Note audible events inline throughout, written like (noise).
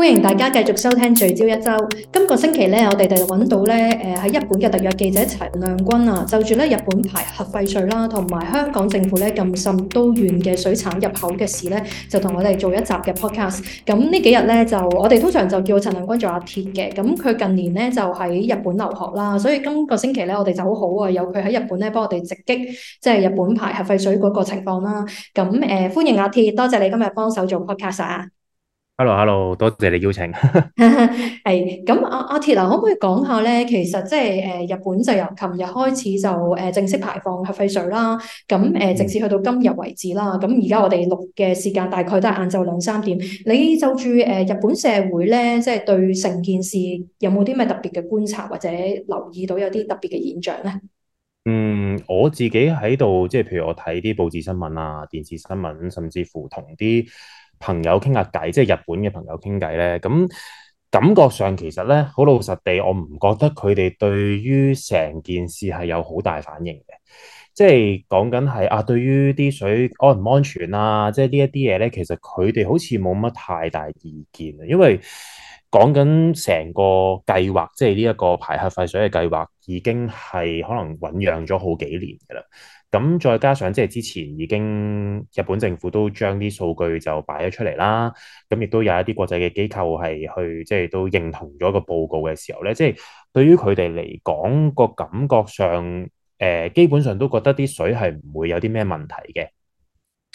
歡迎大家繼續收聽聚焦一周。今個星期咧，我哋就揾到咧，誒、呃、喺日本嘅特約記者陳亮均啊，就住咧日本排核廢水啦，同埋香港政府咧禁十都縣嘅水產入口嘅事咧，就同我哋做一集嘅 podcast。咁呢幾日咧就我哋通常就叫我陳亮均做阿鐵嘅。咁佢近年咧就喺日本留學啦，所以今個星期咧我哋就好好啊，有佢喺日本咧幫我哋直擊即係日本排核廢水嗰個情況啦。咁誒、呃、歡迎阿鐵，多謝你今日幫手做 podcast 啊！hello hello，多謝你邀請。係 (laughs) 咁， (laughs) 阿阿鐵啊，可唔可以講下咧？其實即係誒，日本就由琴日開始就誒正式排放核廢水啦。咁誒、呃，直至去到今日為止啦。咁而家我哋錄嘅時間大概都係晏晝兩三點。你就住誒、呃，日本社會咧，即、就、係、係，對成件事有冇啲咩特別嘅觀察或者留意到有啲特別嘅現象咧？嗯，我自己喺度即係，譬如我睇啲報紙新聞啊、電視新聞，甚至乎同啲。朋友傾下偈，即係日本嘅朋友傾偈咧。咁感覺上其實咧，好老實地，我唔覺得佢哋對於成件事係有好大反應嘅。即係講緊係啊，對於啲水安唔安全啦、啊，即係呢一啲嘢咧，其實佢哋好似冇乜太大意見啊，因為。講緊成個計劃，即係呢一個排核廢水嘅計劃，已經係可能醖釀咗好幾年嘅啦。咁再加上即係之前已經日本政府都將啲數據就擺咗出嚟啦，咁亦都有一啲國際嘅機構係去即係都認同咗個報告嘅時候咧，即係對於佢哋嚟講個感覺上，誒基本上都覺得啲水係唔會有啲咩問題嘅。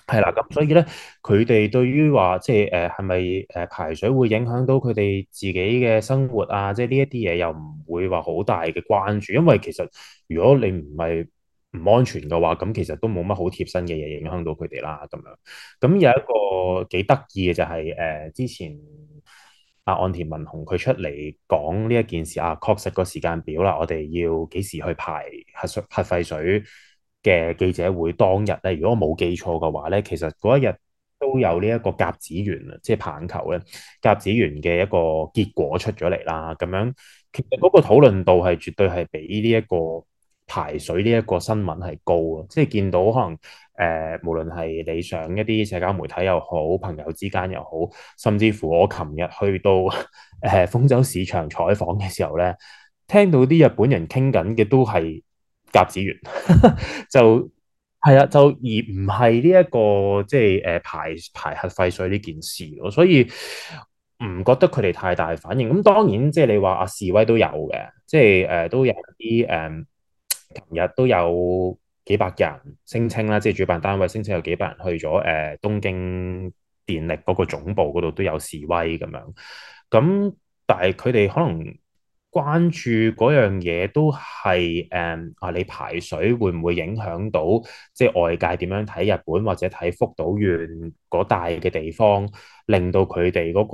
係啦，咁所以咧，佢哋對於話即係誒，係咪誒排水會影響到佢哋自己嘅生活啊？即係呢一啲嘢又唔會話好大嘅關注，因為其實如果你唔係唔安全嘅話，咁其實都冇乜好貼身嘅嘢影響到佢哋啦。咁樣，咁有一個幾得意嘅就係、是、誒、呃，之前阿岸田文雄佢出嚟講呢一件事啊，確實個時間表啦，我哋要幾時去排核水核廢水。嘅記者會當日咧，如果我冇記錯嘅話咧，其實嗰一日都有呢一個甲子園即係、就是、棒球咧，甲子園嘅一個結果出咗嚟啦。咁樣其實嗰個討論度係絕對係比呢一個排水呢一個新聞係高啊！即、就、係、是、見到可能誒、呃，無論係你上一啲社交媒體又好，朋友之間又好，甚至乎我琴日去到誒豐洲市場採訪嘅時候咧，聽到啲日本人傾緊嘅都係。甲子園 (laughs) 就係啊，就而唔係呢一個即係誒排排核廢水呢件事咯，所以唔覺得佢哋太大反應。咁當然即係、就是、你話啊示威都有嘅，即係誒都有啲誒，琴日都有幾百人聲稱啦，即、就、係、是、主辦單位聲稱有幾百人去咗誒東京電力嗰個總部嗰度都有示威咁樣。咁但係佢哋可能關注嗰樣嘢都係誒啊，你排水會唔會影響到即係外界點樣睇日本或者睇福島縣嗰帶嘅地方，令到佢哋嗰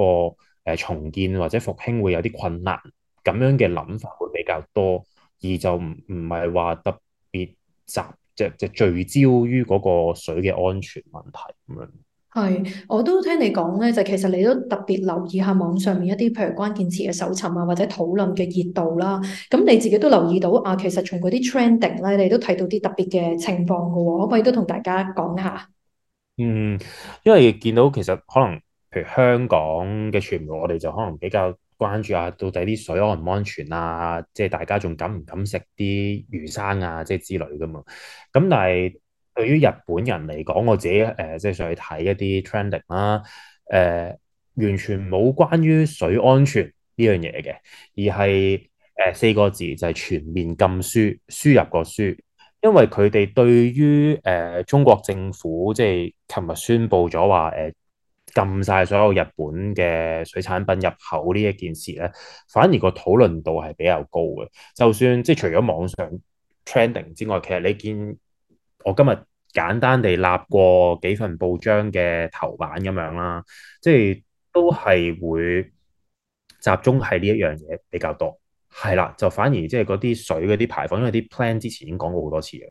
個誒重建或者復興會有啲困難？咁樣嘅諗法會比較多，而就唔唔係話特別集即即聚焦於嗰個水嘅安全問題咁樣。係，我都聽你講咧，就其實你都特別留意下網上面一啲譬如關鍵詞嘅搜尋啊，或者討論嘅熱度啦。咁你自己都留意到啊，其實從嗰啲 trending 咧，你都睇到啲特別嘅情況噶。可唔可以都同大家講一下？嗯，因為見到其實可能譬如香港嘅傳媒，我哋就可能比較關注下到底啲水安唔安全啊？即係大家仲敢唔敢食啲魚生啊？即係之類噶嘛。咁但係。對於日本人嚟講，我自己誒、呃，即係上去睇一啲 trending 啦、呃，誒，完全冇關於水安全呢樣嘢嘅，而係誒、呃、四個字就係全面禁輸輸入個輸，因為佢哋對於誒、呃、中國政府即係琴日宣布咗話誒禁晒所有日本嘅水產品入口呢一件事咧，反而個討論度係比較高嘅，就算即係除咗網上 trending 之外，其實你見。我今日簡單地立過幾份報章嘅頭版咁樣啦，即係都係會集中喺呢一樣嘢比較多，係啦，就反而即係嗰啲水嗰啲排放，因為啲 plan 之前已經講過好多次嘅，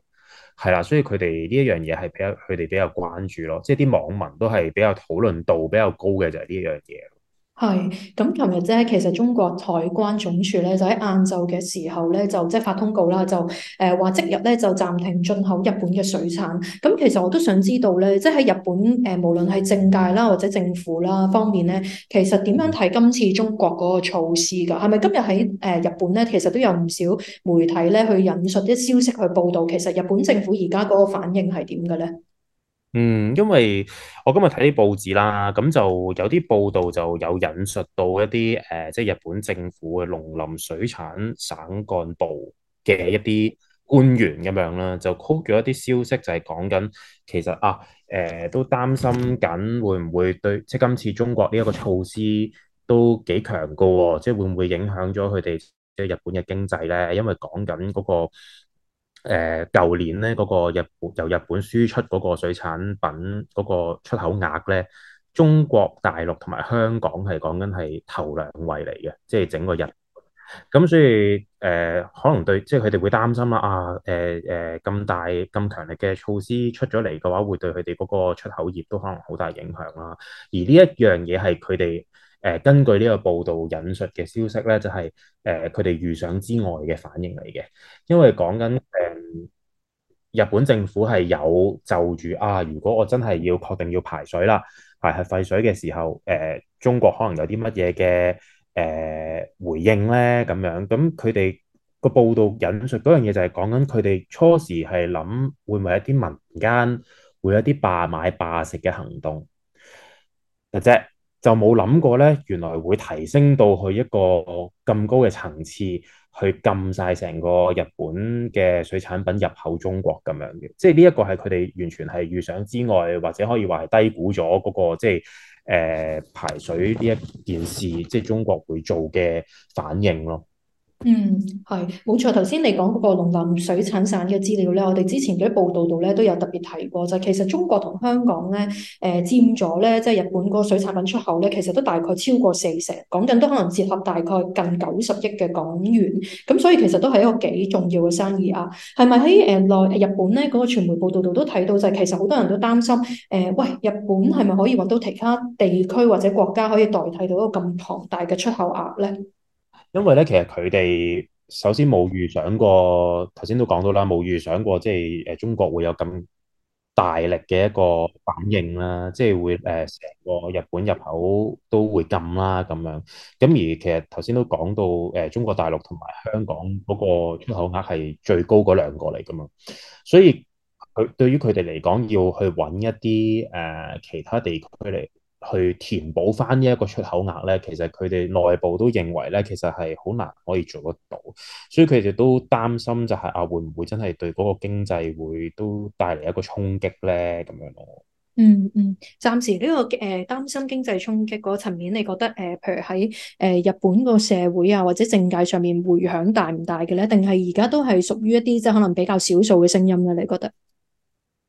係啦，所以佢哋呢一樣嘢係比較佢哋比較關注咯，即係啲網民都係比較討論度比較高嘅，就係呢一樣嘢。係，咁尋日咧，其實中國海關總署咧，就喺晏晝嘅時候咧，就即係發通告啦，就誒話、呃、即日咧就暫停進口日本嘅水產。咁、嗯、其實我都想知道咧，即係喺日本誒、呃，無論係政界啦或者政府啦方面咧，其實點樣睇今次中國嗰個措施㗎？係咪今日喺誒日本咧，其實都有唔少媒體咧去引述啲消息去報導，其實日本政府而家嗰個反應係點嘅咧？嗯，因為我今日睇啲報紙啦，咁就有啲報道就有引述到一啲誒、呃，即係日本政府嘅農林水產省幹部嘅一啲官員咁樣啦，就 quote 咗一啲消息就，就係講緊其實啊，誒、呃、都擔心緊會唔會對，即係今次中國呢一個措施都幾強噶、哦，即係會唔會影響咗佢哋即係日本嘅經濟咧？因為講緊嗰個。誒舊、呃、年咧嗰、那個日本由日本輸出嗰個水產品嗰個出口額咧，中國大陸同埋香港係講緊係頭兩位嚟嘅，即係整個日。咁所以誒、呃，可能對，即係佢哋會擔心啦。啊，誒、呃、誒，咁、呃、大咁強力嘅措施出咗嚟嘅話，會對佢哋嗰個出口業都可能好大影響啦。而呢一樣嘢係佢哋。呃、根據呢個報道引述嘅消息呢，就係誒佢哋預想之外嘅反應嚟嘅，因為講緊誒日本政府係有就住啊，如果我真係要確定要排水啦，排核廢水嘅時候，誒、呃、中國可能有啲乜嘢嘅誒回應呢。咁樣咁佢哋個報道引述嗰樣嘢就係講緊佢哋初時係諗會唔會一啲民間會有啲罷買罷食嘅行動嘅啫。姐姐就冇諗過咧，原來會提升到去一個咁高嘅層次，去禁晒成個日本嘅水產品入口中國咁樣嘅。即係呢一個係佢哋完全係預想之外，或者可以話係低估咗嗰、嗰個即係誒、呃、排水呢一件事，即係中國會做嘅反應咯。嗯，係冇錯。頭先你講嗰個農林水產省嘅資料咧，我哋之前嘅報道度咧都有特別提過就係、是，其實中國同香港咧，誒、呃、佔咗咧即係日本嗰個水產品出口咧，其實都大概超過四成，講緊都可能折合大概近九十億嘅港元。咁所以其實都係一個幾重要嘅生意啊。係咪喺誒內日本咧嗰、那個傳媒報道度都睇到就係，其實好多人都擔心誒、呃，喂，日本係咪可以搵到其他地區或者國家可以代替到一個咁龐大嘅出口額咧？因為咧，其實佢哋首先冇預想過，頭先都講到啦，冇預想過即係誒、呃、中國會有咁大力嘅一個反應啦，即係會誒成、呃、個日本入口都會禁啦咁樣。咁而其實頭先都講到誒、呃、中國大陸同埋香港嗰個出口額係最高嗰兩個嚟㗎嘛，所以佢對於佢哋嚟講，要去揾一啲誒、呃、其他地區嚟。去填補翻呢一個出口額咧，其實佢哋內部都認為咧，其實係好難可以做得到，所以佢哋都擔心就係啊，會唔會真係對嗰個經濟會都帶嚟一個衝擊咧？咁樣咯、嗯。嗯嗯，暫時呢、呢個誒擔、呃、心經濟衝擊嗰層面，你覺得誒，譬、呃、如喺誒、呃、日本個社會啊，或者政界上面回響大唔大嘅咧？定係而家都係屬於一啲即係可能比較少數嘅聲音咧、啊？你覺得？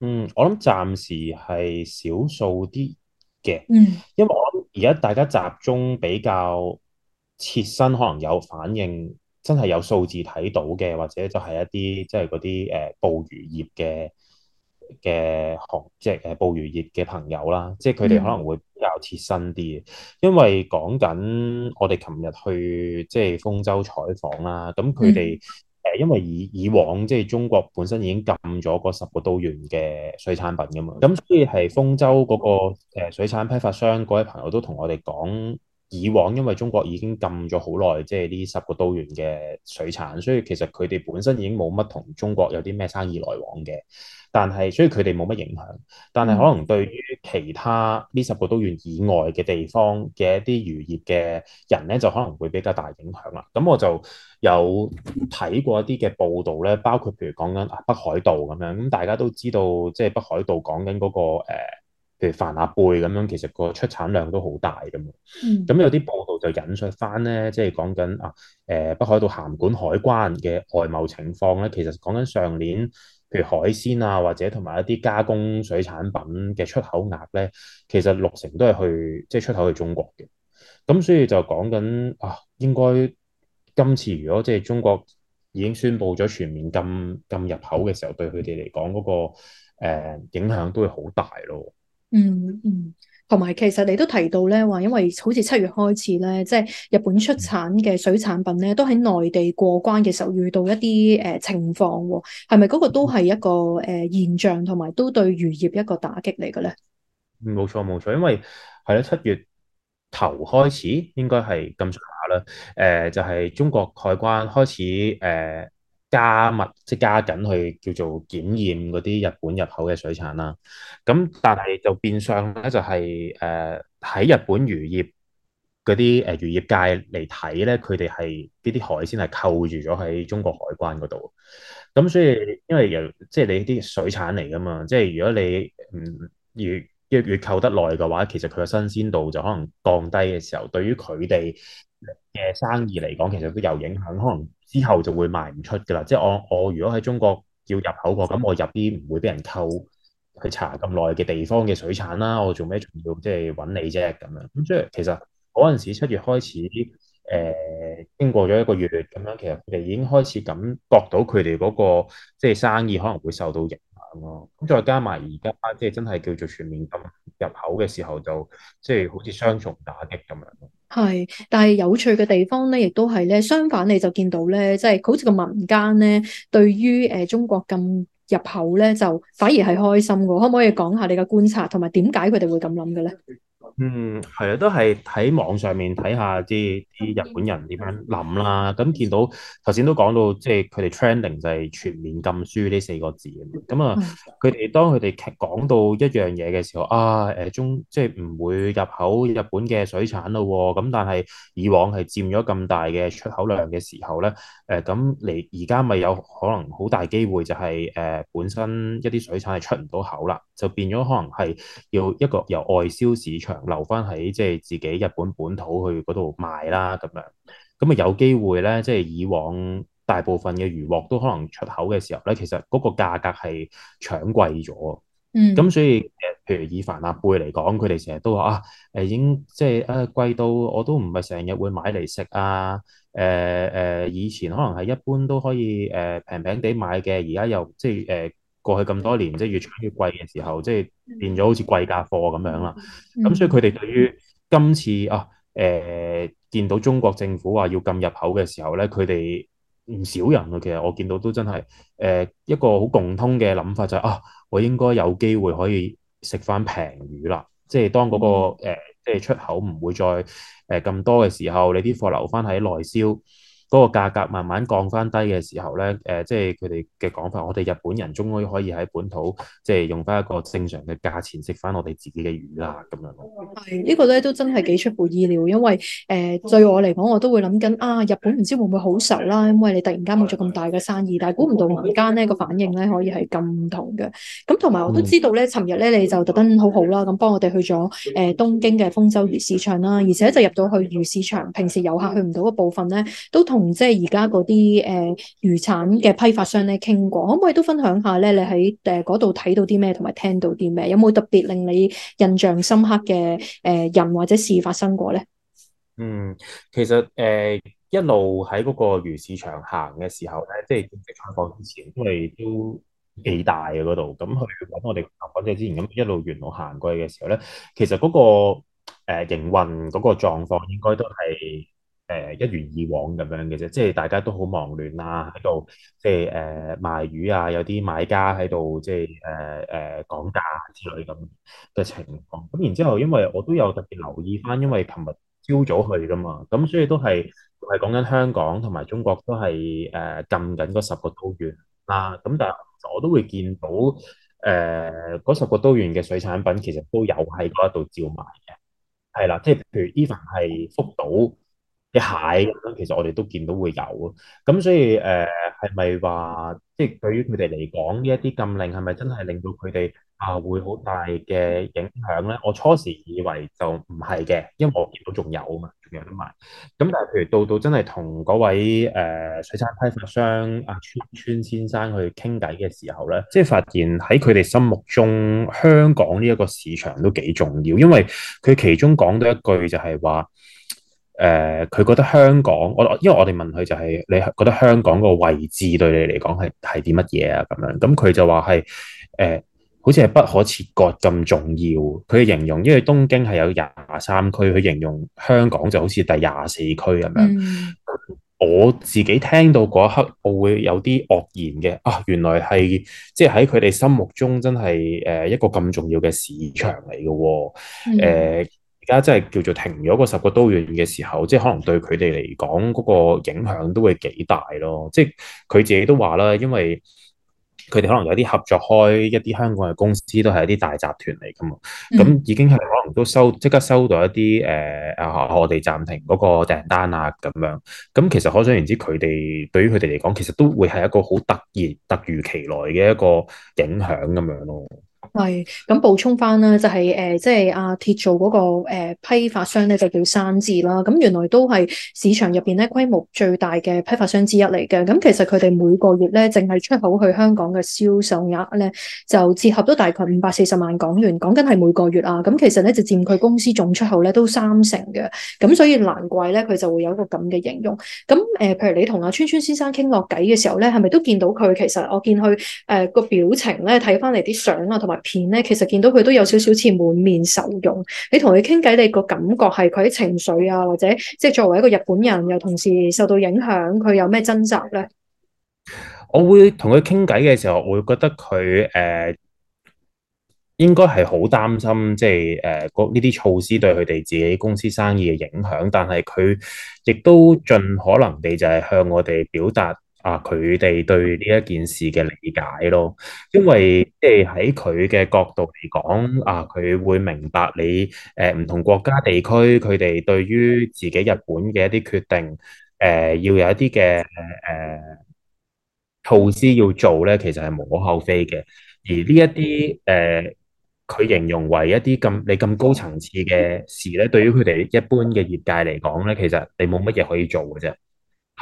嗯，我諗暫時係少數啲。嘅，因為我諗而家大家集中比較切身，可能有反應，真係有數字睇到嘅，或者就係一啲即係嗰啲誒捕魚業嘅嘅行，即係誒捕魚業嘅朋友啦，即係佢哋可能會比較切身啲，嗯、因為講緊我哋琴日去即係豊洲採訪啦，咁佢哋。嗯因為以以往、即係、中國本身已經禁咗嗰十個都縣嘅水產品㗎嘛，咁所以係豐洲嗰個水產批發商嗰位朋友都同我哋講。以往因為中國已經禁咗好耐，即係呢十個都縣嘅水產，所以其實佢哋本身已經冇乜同中國有啲咩生意來往嘅。但係所以佢哋冇乜影響。但係可能對於其他呢十個都縣以外嘅地方嘅一啲漁業嘅人咧，就可能會比較大影響啦。咁我就有睇過一啲嘅報道咧，包括譬如講緊北海道咁樣。咁大家都知道，即係北海道講緊嗰個、呃譬如帆立貝咁樣，其實個出產量都好大咁。咁、嗯、有啲報道就引述翻咧，即係講緊啊，誒、呃，北海道函館海關嘅外貿情況咧，其實講緊上年，譬如海鮮啊，或者同埋一啲加工水產品嘅出口額咧，其實六成都係去即係、就是、出口去中國嘅。咁所以就講緊啊，應該今次如果即係中國已經宣布咗全面禁禁入口嘅時候，對佢哋嚟講嗰個、呃、影響都會好大咯。嗯嗯，同埋其實你都提到咧，話因為好似七月開始咧，即係日本出產嘅水產品咧，都喺內地過關嘅時候遇到一啲誒情況，係咪嗰個都係一個誒現象，同埋都對漁業一個打擊嚟嘅咧？冇錯冇錯，因為係咧七月頭開始應該係咁上下啦，誒就係中國海關開始誒。呃加密即加緊去叫做檢驗嗰啲日本入口嘅水產啦。咁但係就變相咧，就係誒喺日本漁業嗰啲誒漁業界嚟睇咧，佢哋係呢啲海鮮係扣住咗喺中國海關嗰度。咁所以因為由即係你啲水產嚟㗎嘛，即係如果你唔、嗯、越越越扣得耐嘅話，其實佢嘅新鮮度就可能降低嘅時候，對於佢哋嘅生意嚟講，其實都有影響，可能。之後就會賣唔出㗎啦，即係我我如果喺中國要入口個，咁我入啲唔會俾人扣去查咁耐嘅地方嘅水產啦，我做咩仲要即係揾你啫咁樣？咁即係其實嗰陣時七月開始，誒、呃、經過咗一個月咁樣，其實佢哋已經開始感覺到佢哋嗰個即係生意可能會受到影響咯。咁再加埋而家即係真係叫做全面禁入口嘅時候就，就即係好似雙重打擊咁樣。係，但係有趣嘅地方咧，亦都係咧，相反你就見到咧，即係好似個民間咧，對於誒中國咁入口咧，就反而係開心嘅。可唔可以講下你嘅觀察，同埋點解佢哋會咁諗嘅咧？嗯，係啊，都係喺網上面睇下，即係啲日本人點樣諗啦。咁見到頭先都講到，即係佢哋 trending 就係全面禁輸呢四個字。咁啊，佢哋當佢哋講到一樣嘢嘅時候，啊，誒中即係唔會入口日本嘅水產咯。咁但係以往係佔咗咁大嘅出口量嘅時候咧，誒咁你而家咪有可能好大機會就係誒本身一啲水產係出唔到口啦，就變咗可能係要一個由外銷市場。留翻喺，即係自己日本本土去嗰度賣啦咁樣，咁啊有機會咧，即係以往大部分嘅魚獲都可能出口嘅時候咧，其實嗰個價格係搶貴咗。嗯，咁所以誒，譬如以帆立貝嚟講，佢哋成日都話啊，誒已經即係啊貴到我都唔係成日會買嚟食啊。誒誒，以前可能係一般都可以誒平平地買嘅，而家又即係誒。就是啊過去咁多年，即係越越貴嘅時候，即係變咗好似貴價貨咁樣啦。咁所以佢哋對於今次啊，誒、呃、見到中國政府話要禁入口嘅時候咧，佢哋唔少人啊，其實我見到都真係誒、呃、一個好共通嘅諗法，就係，就係啊，我應該有機會可以食翻平魚啦。即係當嗰、嗰個、呃、即係出口唔會再誒咁、呃、多嘅時候，你啲貨留翻喺內銷。嗰個價格慢慢降翻低嘅時候咧，誒、呃，即係佢哋嘅講法，我哋日本人終於可以喺本土，即係用翻一個正常嘅價錢食翻我哋自己嘅魚啦，咁樣。係、這個、呢個咧都真係幾出乎意料，因為誒、呃、對我嚟講，我都會諗緊啊，日本唔知會唔會好愁啦，因為你突然間冇咗咁大嘅生意，但係估唔到民間呢個反應咧可以係咁唔同嘅。咁同埋我都知道咧，尋日咧你就特登好好啦，咁幫我哋去咗誒、呃、東京嘅豐洲魚市場啦，而且就入到去魚市場，平時遊客去唔到嘅部分咧，都同即係而家嗰啲誒魚產嘅批發商咧，傾過可唔可以都分享下咧？你喺誒嗰度睇到啲咩，同埋聽到啲咩？有冇特別令你印象深刻嘅誒人或者事發生過咧？嗯，其實誒、呃、一路喺嗰個魚市場行嘅時候咧，即係正式開放之前，因為都幾大嗰度。咁去揾我哋頭嗰隻之前，咁一路沿路行過去嘅時候咧，其實嗰個誒、呃、營運嗰個狀況應該都係。誒、呃，一如以往咁樣嘅啫，即係大家都好忙亂啊，喺度即係誒、呃、賣魚啊，有啲買家喺度即係誒誒講價之類咁嘅情況。咁然之後因，因為我都有特別留意翻，因為琴日朝早去噶嘛，咁所以都係係講緊香港同埋中國都係誒、呃、禁緊嗰十個都縣啦。咁但係我都會見到誒嗰、呃、十個都縣嘅水產品，其實都有喺嗰一度照賣嘅。係啦，即係譬如 even 係福島。啲蟹咁樣，其實我哋都見到會有咯，咁所以誒，係咪話即係對於佢哋嚟講呢一啲禁令係咪真係令到佢哋啊會好大嘅影響咧？我初時以為就唔係嘅，因為我見到仲有啊嘛，仲有得賣。咁但係譬如到到真係同嗰位誒、呃、水產批發商阿、啊、川川先生去傾偈嘅時候咧，即係發現喺佢哋心目中香港呢一個市場都幾重要，因為佢其中講到一句就係話。誒，佢、呃、覺得香港，我因為我哋問佢就係、是、你覺得香港個位置對你嚟講係係啲乜嘢啊？咁樣咁佢就話係誒，好似係不可切割咁重要。佢嘅形容，因為東京係有廿三區，佢形容香港就好似第廿四區咁樣。嗯、我自己聽到嗰一刻，我會有啲愕然嘅。啊，原來係即係喺佢哋心目中真係誒、呃、一個咁重要嘅市場嚟嘅喎，呃嗯嗯而家真係叫做停咗個十個都縣嘅時候，即係可能對佢哋嚟講，嗰、嗰個影響都會幾大咯。即係佢自己都話啦，因為佢哋可能有啲合作開一啲香港嘅公司，都係一啲大集團嚟噶嘛。咁已經係可能都收即刻收到一啲誒、呃，我哋暫停嗰個訂單啊，咁樣。咁其實可想而知，佢哋對於佢哋嚟講，其實都會係一個好突然、突如其來嘅一個影響咁樣咯。係，咁補充翻啦，就係、是、誒、呃，即係阿鐵做嗰個誒、呃、批發商咧，就叫三字啦。咁、啊、原來都係市場入邊咧規模最大嘅批發商之一嚟嘅。咁、啊、其實佢哋每個月咧淨係出口去香港嘅銷售額咧，就折合都大概五百四十萬港元。講緊係每個月啊，咁其實咧就佔佢公司總出口咧都三成嘅。咁、啊、所以難怪咧佢就會有一個咁嘅形容。咁、啊、誒，譬如你同阿、啊、川川先生傾落偈嘅時候咧，係咪都見到佢？其實我見佢誒個表情咧，睇翻嚟啲相啊，同埋片咧，其實見到佢都有少少似滿面愁容。你同佢傾偈，你個感覺係佢啲情緒啊，或者即係作為一個日本人，又同時受到影響，佢有咩掙扎咧？我會同佢傾偈嘅時候，會覺得佢誒、呃、應該係好擔心，即係誒呢啲措施對佢哋自己公司生意嘅影響。但係佢亦都盡可能地就係向我哋表達。啊！佢哋對呢一件事嘅理解咯，因為即係喺佢嘅角度嚟講，啊佢會明白你誒唔、呃、同國家地區佢哋對於自己日本嘅一啲決定誒、呃，要有一啲嘅誒措施要做咧，其實係無可厚非嘅。而呢一啲誒，佢、呃、形容為一啲咁你咁高層次嘅事咧，對於佢哋一般嘅業界嚟講咧，其實你冇乜嘢可以做嘅啫。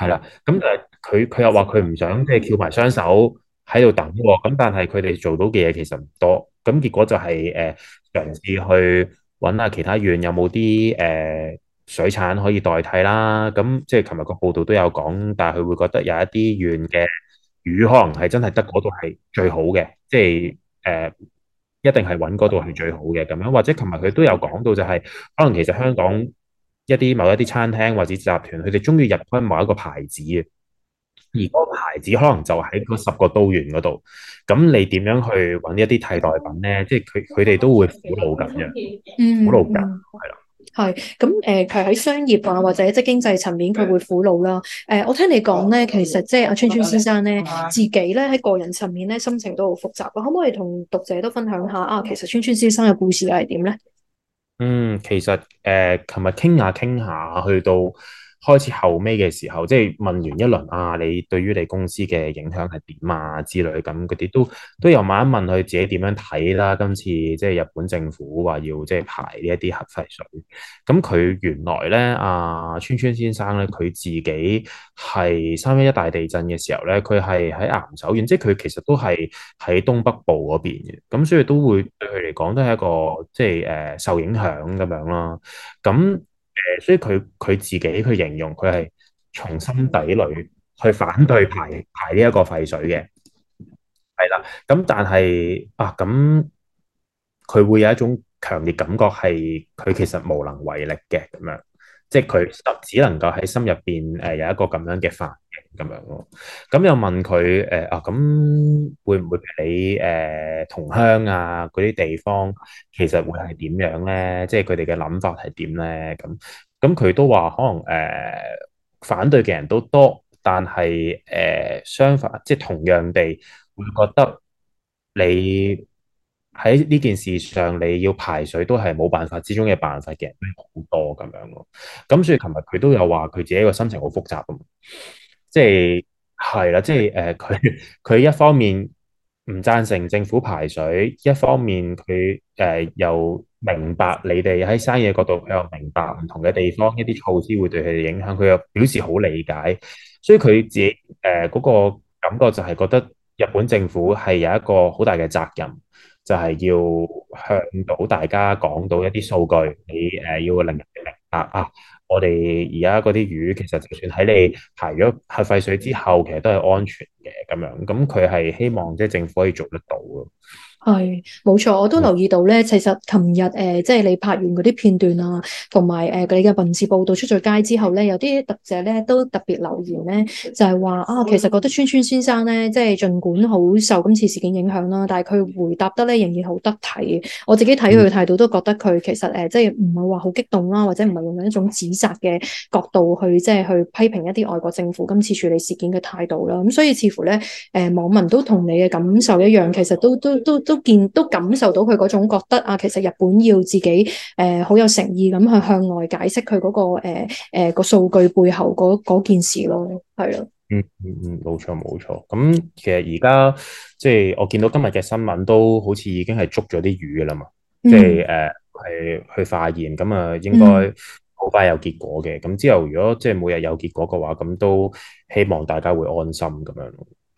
係啦，咁誒，佢佢又話佢唔想即係翹埋雙手喺度等喎，咁但係佢哋做到嘅嘢其實唔多，咁結果就係、是、誒、呃、嘗試去揾下其他縣有冇啲誒水產可以代替啦，咁即係琴日個報道都有講，但係佢會覺得有一啲縣嘅魚可能係真係得嗰度係最好嘅，即係誒、呃、一定係揾嗰度係最好嘅咁樣，或者琴日佢都有講到就係、是、可能其實香港。一啲某一啲餐廳或者集團，佢哋中意入翻某一個牌子嘅，而嗰個牌子可能就喺嗰十個都縣嗰度。咁你點樣去揾一啲替代品咧？即係佢佢哋都會苦惱咁樣，苦惱㗎，係啦、嗯。係咁誒，佢喺的、呃、商業啊或者即係經濟層面，佢會苦惱啦。誒的、呃，我聽你講咧，其實即係阿川川先生咧，嗯、自己咧喺個人層面咧，心情都好複雜。可唔可以同讀者都分享下啊？其實川川先生嘅故事係點咧？嗯，其實誒，琴日傾下傾下去到。開始後尾嘅時候，即係問完一輪啊，你對於你公司嘅影響係點啊之類咁嗰啲，都都又問一問佢自己點樣睇啦。今次即係日本政府話要即係排呢一啲核廢水，咁佢原來咧，阿、啊、川川先生咧，佢自己係三一一大地震嘅時候咧，佢係喺岩手縣，即係佢其實都係喺東北部嗰邊嘅，咁所以都會對佢嚟講都係一個即係誒、呃、受影響咁樣咯，咁。誒，所以佢佢自己去形容佢係從心底裏去反對排排呢一個廢水嘅，係啦，咁但係啊，咁佢會有一種強烈感覺係佢其實無能為力嘅咁樣。即係佢只能夠喺心入邊誒有一個咁樣嘅反應咁樣咯。咁又問佢誒、呃、啊，咁會唔會畀你誒、呃、同鄉啊嗰啲地方其實會係點樣咧？即係佢哋嘅諗法係點咧？咁咁佢都話可能誒、呃、反對嘅人都多，但係誒、呃、相反即係同樣地會覺得你。喺呢件事上，你要排水都係冇辦法之中嘅辦法嘅好多咁樣咯。咁所以，琴日佢都有話佢自己個心情好複雜，咁、就是，即係係啦，即係誒，佢、呃、佢一方面唔贊成政府排水，一方面佢誒、呃、又明白你哋喺生意角度佢又明白唔同嘅地方一啲措施會對佢哋影響，佢又表示好理解。所以佢自己誒嗰、呃嗰個感覺就係覺得日本政府係有一個好大嘅責任。就係要向到大家講到一啲數據，你誒要令到明白啊！我哋而家嗰啲魚其實就算喺你排咗核廢水之後，其實都係安全嘅咁樣。咁佢係希望即係政府可以做得到咯。係，冇錯，我都留意到咧。其實琴日誒、呃，即係你拍完嗰啲片段啊，同埋誒，佢哋嘅文字報道出咗街之後咧，有啲讀者咧都特別留言咧，就係、是、話啊，其實覺得川川先生咧，即係盡管好受今次事件影響啦、啊，但係佢回答得咧仍然好得體。我自己睇佢嘅態度，都覺得佢其實誒、呃，即係唔係話好激動啦、啊，或者唔係用一種指責嘅角度去即係去批評一啲外國政府今次處理事件嘅態度啦、啊。咁所以似乎咧，誒、呃，網民都同你嘅感受一樣，其實都都都。都都都都都都都見都感受到佢嗰種覺得啊，其實日本要自己誒、呃、好有誠意咁去向外解釋佢嗰、那個誒誒個數據背後嗰件事咯，係咯、嗯。嗯嗯嗯，冇錯冇錯。咁其實而家即係我見到今日嘅新聞都好似已經係捉咗啲魚㗎啦嘛，即係誒係去化驗，咁啊應該好快有結果嘅。咁、嗯、之後如果即係每日有結果嘅話，咁都希望大家會安心咁樣。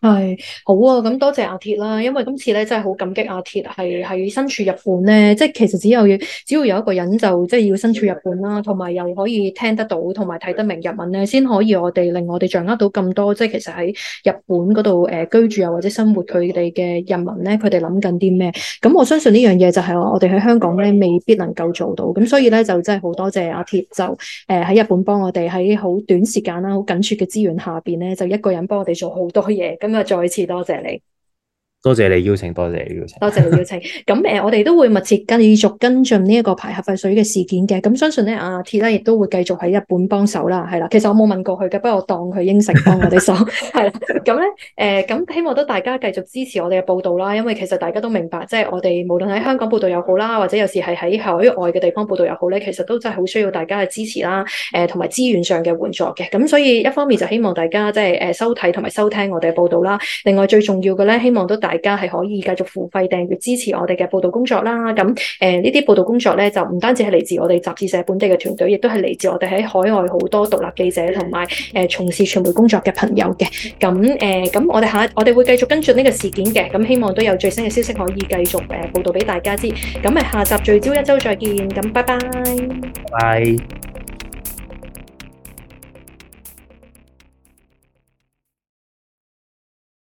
係好啊！咁多謝、謝阿鐵啦，因為今次咧真係好感激阿鐵係喺身處日本咧，即係其實只有要，只要有一個人就即係要身處日本啦，同埋又可以聽得到，同埋睇得明日文咧，先可以我哋令我哋掌握到咁多，即係其實喺日本嗰度誒居住又或者生活佢哋嘅人民咧，佢哋諗緊啲咩？咁我相信呢樣嘢就係我哋喺香港咧未必能夠做到，咁所以咧就真係好多謝阿鐵就誒喺、呃、日本幫我哋喺好短時間啦，好緊絀嘅資源下邊咧就一個人幫我哋做好多嘢。咁啊，再次多謝你。多謝你邀請，多謝你邀請， (laughs) 多謝你邀請。咁誒、呃，我哋都會密切繼續跟進呢一個排核廢水嘅事件嘅。咁相信咧，阿鐵咧亦都會繼續喺日本幫手啦，係啦。其實我冇問過佢嘅，不過我當佢應承幫我哋手，係啦。 (laughs) 咁、嗯、咧，誒、嗯，咁希望都大家繼續支持我哋嘅報道啦。因為其實大家都明白，即係我哋無論喺香港報道又好啦，或者有時係喺海外嘅地方報道又好咧，其實都真係好需要大家嘅支持啦。誒、呃，同埋資源上嘅援助嘅。咁所以一方面就希望大家即係誒收睇同埋收聽我哋嘅報道啦。另外最重要嘅咧，希望都大。大家係可以繼續付費訂閱支持我哋嘅報道工作啦。咁誒呢啲報道工作呢，就唔單止係嚟自我哋雜誌社本地嘅團隊，亦都係嚟自我哋喺海外好多獨立記者同埋誒從事傳媒工作嘅朋友嘅。咁誒咁，我哋下我哋會繼續跟進呢個事件嘅。咁希望都有最新嘅消息可以繼續誒、呃、報道俾大家知。咁咪下集聚焦一周再見。咁拜拜。拜拜。